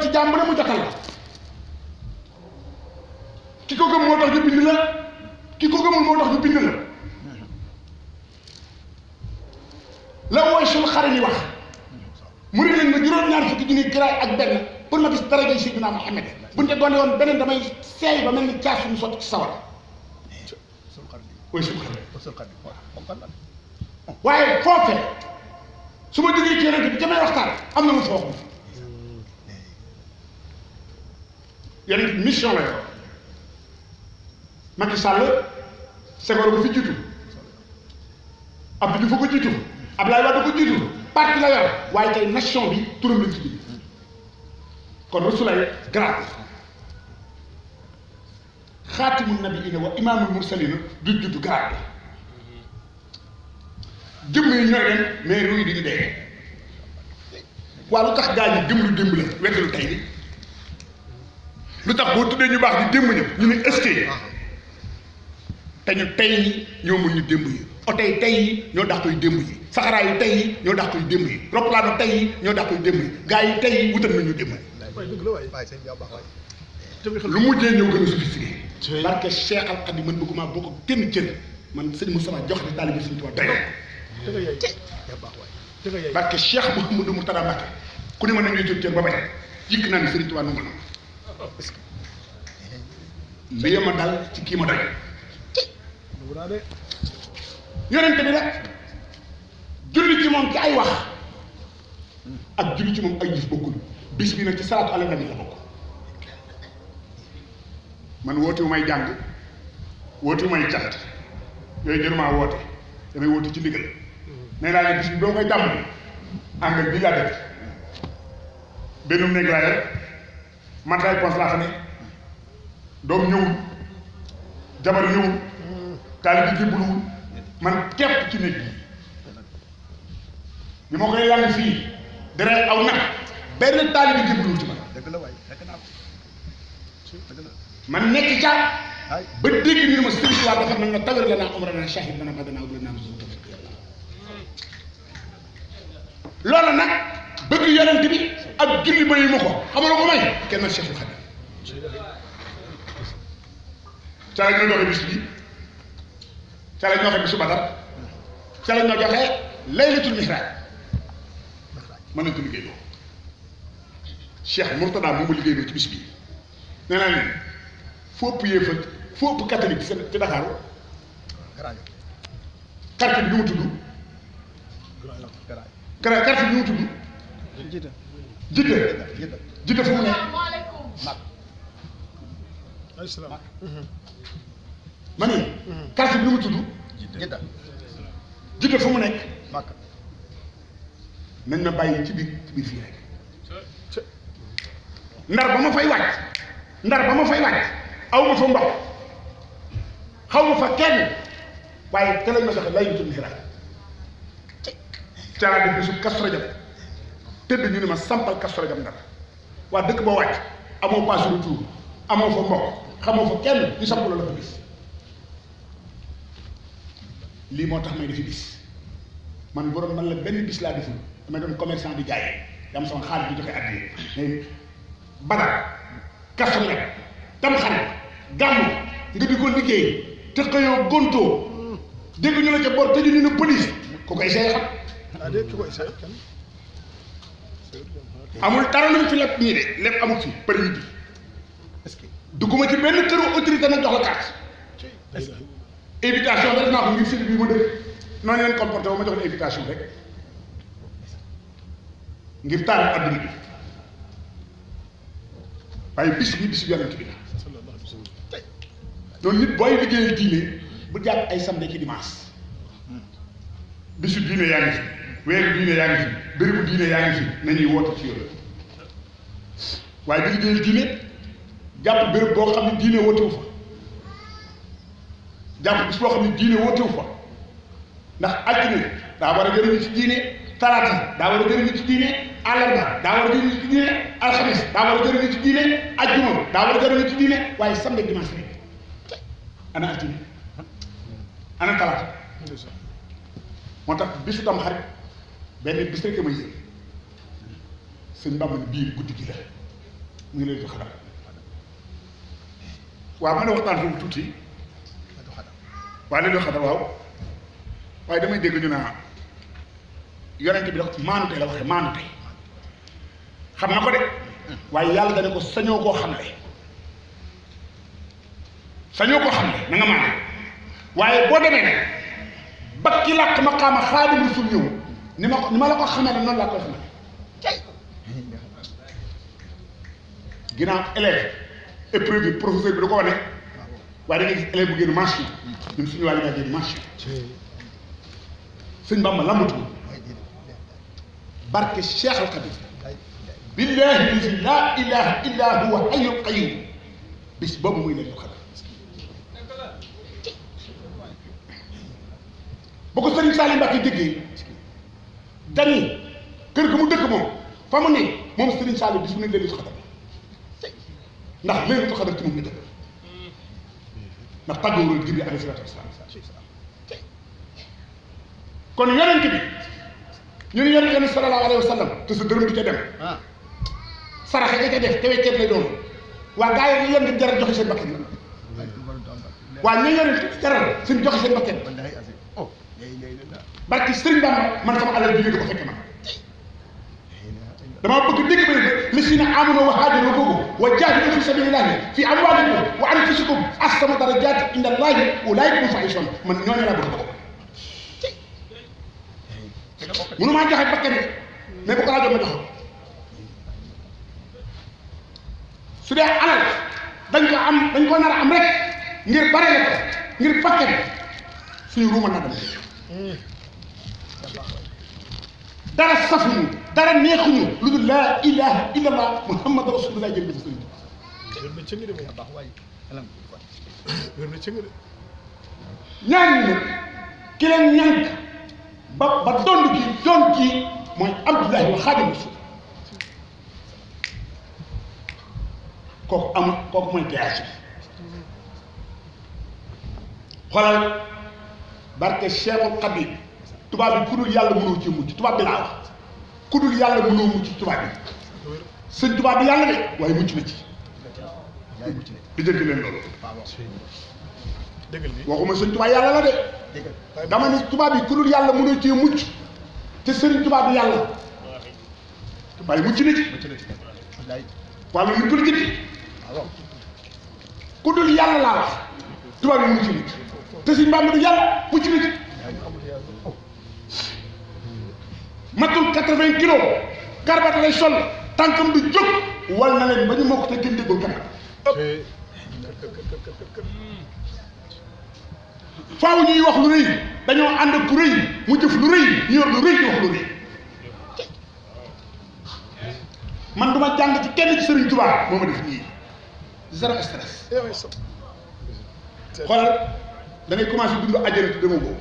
dogal ci jàmm ne ki ko gëm moo tax ñu bind la ki ko gëmul ñu bind ni wax mu ne leen ma juróom-ñaar fukki junni giraay ak benn pour ma gis dara jay Seydina Muhammad bu ñu te doon woon beneen damay seey ba mel ni ci sawar mooy suñu xare waaye foofee su ma jógee ci yonent bi damay waxtaan am na mu foofu yonent mission la yor Macky Sall Senghor ko fi jiitu Abdou Diouf ko jiitu ko jiitu parti la yor waaye tey nation bi turam lañ ci biir kon rasulay grâce xaatimun nabiyyiina wa imaamul mursaliina du juddu grâce jëmm yi ñooy dem ruy di ñu dee waa lu tax gaa ñi jëm la wekk lu tey bi lu tax boo tuddee ñu baax di démb ñëpp ñu ne est-ce ah. te ñu tey ñoo mën ñu démb yi oto yi tey ñoo dax koy démb yi saxaraa yi tey yi ñoo dax koy démb yi roplaanu tey yi ñoo dax koy démb yi gars yi tey yi wutal nañu démb yi lu mujjee ñëw gën a sophistiqué barke Cheikh Al Khadim man bëgguma bokk ak kenn cër man sëñ Moussa jox ne taalibe Sëñ Tuubaa doy barke Cheikh mu tara Mbacké ku ne mën nañu jël cër ba bañ yëkk naa ne Sëñ Tuubaa nangul na li ma dal ci kii ma doy yonent bi nag julli ci moom ci ay wax ak julli ci moom ay jëf bokkul bis bi nag ci salaatu ala nabi la bokk man woote wu may jàng woote wu may cant yooyu bi ànd ak bi laa def bennum néeg laa def man daay pos laa xam ne doom ñëwul jabar ñëwul taalibe bi jébbuluwul man képp ci néeg bi bi ma koy lang fii deret aw nag benn taalibe bi jébbuluwul ci man man nekk ca ba dégg ñu ne ma sëriñ waa dafa nag nga tagar naa umra naa shahid dana ma dana naa musu loolu nag ak julli ba mu ko xamaloo ko may kenn ak Cheikhul Khadim ca la ñu joxe bis bi ca la ñu joxe bisu Badar ca la ñu joxe laylatul mihraj mën nañ ko liggéeyloo Cheikh Mourtada moom ma liggéeyloo ci bis bi nee naa leen foo ëpp yéefar foo ëpp catholique ci Dakar quartier bi nu mu tudd quartier bi nu mu tudd jidda jidda fu mu ne mag mag ma nii quartier mu nekk mag ma bàyyi ci biir ci biir fii rek ndar ba ma fay wàcc ndar ma fay wàcc aw ma fa mboq xaw ma fa kenn waaye te ma joxe lay mu tudd xiraat ca laa def bisu Kazu Rajab tëdd ñu ne ma sampal Kazu Rajab Ndar waa dëkk ba wàcc amoo pas de retour amoo fa mbokk xamoo fa kenn ñu samp la fa bis lii moo tax may defi bis man borom man la benn bis laa deful damay doon commerçant di jaay dama sama xaalis bi joxe addi mais badar Kazu Rajab tam xarit nga di ko liggéey te xëyoo gontoo dégg ñu la ca bor te ñu ne police ku koy see amul dara lu mu fi lépp nii de lépp amul fi permis bi dugguma ci benn këru autorité na jox la carte invitation rek naa ko ngir sëñ bi ma dëkk noonu leen comporté wu ma jox la invitation rek ngir taal adduna bi waaye bis bi bis bi yonent bi la loolu nit booy liggéeyee diine bu jàpp ay samedi ci dimanche bisu diine yaa ngi weeru diine yaa ngi fi bérébu diine yaa ngi fi nañuy woote ci yooyu waaye di liggéeyal diine jàpp béréb boo xam ne diine wootewu fa jàpp bis boo xam ne diine wootewu fa ndax altine daa war a jëriñu ci diine talaata daa war a jëriñu ci diine àllarba daa war a jëriñu ci diine alxamis daa war a jëriñu ci diine ajjuma daa war a jëriñu ci diine waaye samedi dimanche rek ana altine ana talaata moo tax bisu tam xarit benn bis rek ma yëg suñ bàmban bii guddi gi la mu ngi leen di xadam waaw tuuti waaw leen di xadam waaw waaye damay dégg ñu naa yonent bi da maanute la waxee maanute xam na ko de waaye yàlla dana ko sañoo koo xam ne sañoo koo xam ne na nga waaye boo demee nag bakki làkk maqaama xaadimu rasul ñëw ni ma la ko xamee noonu laa ko xamee tey ginnaaw élève épreuve bi bi da ko wane waaye da nga gis élève bu génn mention ñun suñu barke Cheikh Al Khadim billahi lazi laa ilaha illa huwa hayyul qayyum bis boobu muy nekk xale bu ko sëriñ Salim Mbacke dañuy kër gi mu dëkk moom fa mu ne moom Serigne Saliou bis mu nekk leen xadar ndax léegi ñu xadar ci moom ñu dëkk ndax tàggoorul Jibril alayhi salaatu wasalaam kon yonent bi ñu ne yonent bi sallallahu alayhi wa sallam te sa dërëm di ca dem ah. saraxe nga ca def te wecceet lay doon waa gaa yi yonent bi jaral joxe seen bakkan la waa ñu yonent bi jaral suñ joxe seen bakkan barki sëriñ Bamba man sama alal bi ko fekk ma damaa bëgg dégg ba ne lasiina aamanu wa haajaru boobu wa jaahadu fi sabilillahi fi amwaalikum wa anfusikum ahsanu darajaati inda llahi ulaa'ika humul faa'izuun man ñooñu laa bëgg bokk mënu maa joxe bakkan mais bu ko laajoon ma joxe su dee alal dañ ko am dañ ko nar a am rek ngir bare ko ngir bakkan suñu ruuma na dem dara safuñu dara neexuñu lu dul laa ilaha illallah muhammad rasulullah jël na sëriñ ñaan ñi nag ki leen ñànk ba ba dond ki doon mooy abdullahi wa xaadim rasul kooku amul kooku mooy gaas bi xoolal barke Cheikhul Khadim tubaab bi ku dul yàlla mënoo ci mucc tubaab bi laa yàlla mënoo mucc bi sëñ tubaab bi yàlla de waaye mucc na ci di jëkk leen loolu waxuma sëñ tubaab yàlla la de dama ne tubaab yi ku dul yàlla mënoo ci mucc te sëriñ tubaab bi yàlla waaye mucc na ci wàllu lu politique na ci te suñ Bàmba du yàlla mucc na nit matul quatre-vingts lay sol tànkam du jóg wal na leen ba ñu mokk te gën déggul kanam ñuy wax lu rëy dañoo ànd ku rëy mu jëf lu rëy ñu yor man duma jàng ci kenn ci Sëriñ Tuubaa moo ma def nii zéro da ngay commencé dund àjjana te demoo boobu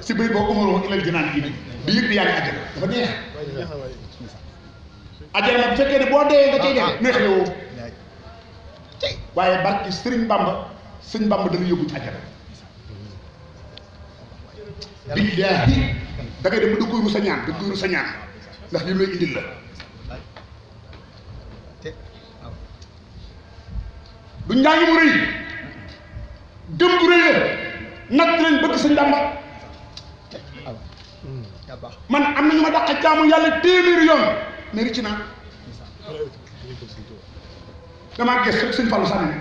si bëy boo umaroo ilal jinaan bii di yëg di yaa ngi àjjana dafa neex àjjana bu fekkee ne boo dee nga cay dee neex na woo waaye barki sëriñ Bamba sëriñ Bamba dañu yóbbu ci àjjana billaahi da ngay ndax li lay indil la du njàng mu rëy dëm rëy natt lañ bëgg sëñ Bamba man am na ñu ma dàq jaamu yàlla téeméeri yoon mais ricc naa damaa gis rek sëñ Fallou sànni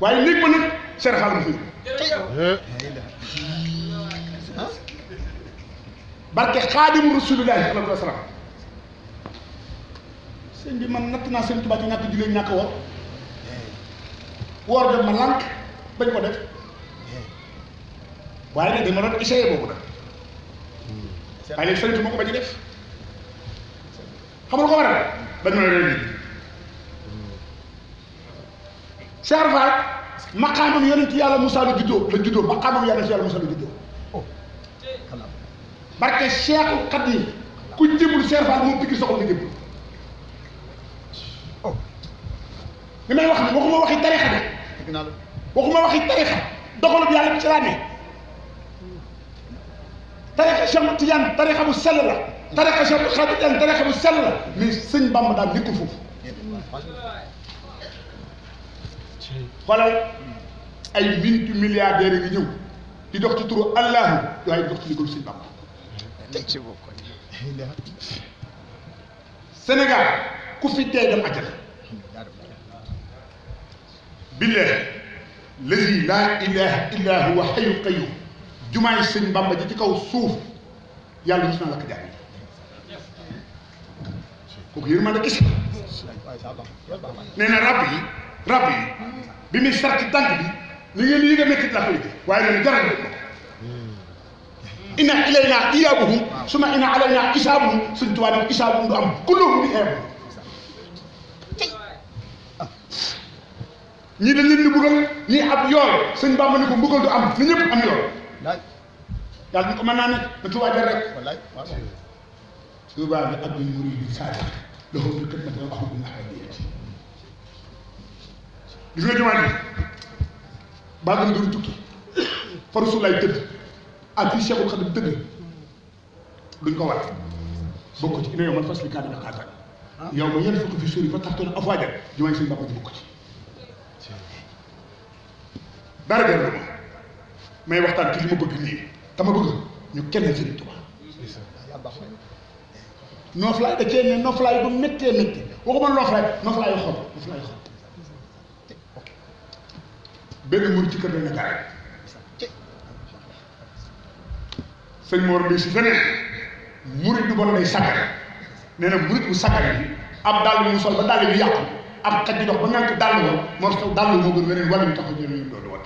waaye néeg ba nag Cheikh Fallou fii barke xaadimu rasulillahi sallallahu alayhi wa sallam sëñ bi man natt naa sëñ Tuubaa ci ñàkk jullee ñàkk woor woor jot ma lànk bañ ko def waaye nag dama doon essayé boobu nag hmm. waaye léegi sëriñ bi moo ko bañ a def xam nga ko waral bañ ma la réew mi Cheikh Fall maqaamam yonent yàlla Moussa la juddoo la juddoo maqaamam yonent yàlla Moussa la juddoo oh. barke Cheikh Xadim ku jëmul Cheikh Fall moom tikki soxla nga jëmul oh. li may wax ni waxuma waxi tarixa de waxuma waxi tarixa dogalu bi yàlla bi ci laa ne tarixa Cheikh Tidiane tarixa bu sell la tarixa Bamba daal nekkul foofu ay minti milliardaires yi ñëw dox ci turu allahu waaye di dox ci liggéeyu sëñ Bamba Sénégal ku fi dee dem àjjana lazi laa ilaha illa huwa xayu qayum jumaay sëñ Bàmba ji ci kaw suuf yàlla gis na la ko jaam kooku yërmande gis nee na rab yi bi muy sar ci bi ñu ngeen yi nga métti la koy waaye leen jaral ko inna ilayna iyaabuhum suma inna alayna isaabuhum suñ tubaab isaabuhum du am kulluhum bi xeebu ñii dañ leen di mbugal ñii ab yool sëñ Bàmba ni ko mbugal du am na ñëpp am yool yàlla ñu ko mën naa ne na Tuubaa jar rek Tuubaa bi abdul muriid saadiq loxo bi kat matal waxu bu naxariyati gis nga jumaa ji baa gën tukki faru su lay tëdd ak fii Seexul Xadim tëdd duñ ko war bokk ci ina yow man fas li kaa dina xaatal ah. yow ma yenn fukk fi suuri fa tax toon afwaajal jumaa ji sëñ Bàmba ji bokk ci dara gën la ma may waxtaan ci li ma bëgg nii dama bëgg ñu kenn Sëriñ Tuubaa nooflaay da cee ne nooflaay bu méttee métti waxuma nooflaay nooflaay nooflaay benn mur ci kër lañ la gaare sëñ Mor bi si feneen murit du bon lay sakkare nee na murit bu sakkare ab dàll mu sol ba dàll bi yàqu am xaj di dox ba nànk dàll la moo tax dàll moo gën weneen wàllu tax a jël ñu loolu wat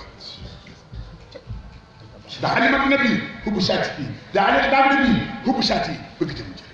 da alimat nabi hubbu saati bi da alimat nabi hubbu saati yi bëgg jëm ci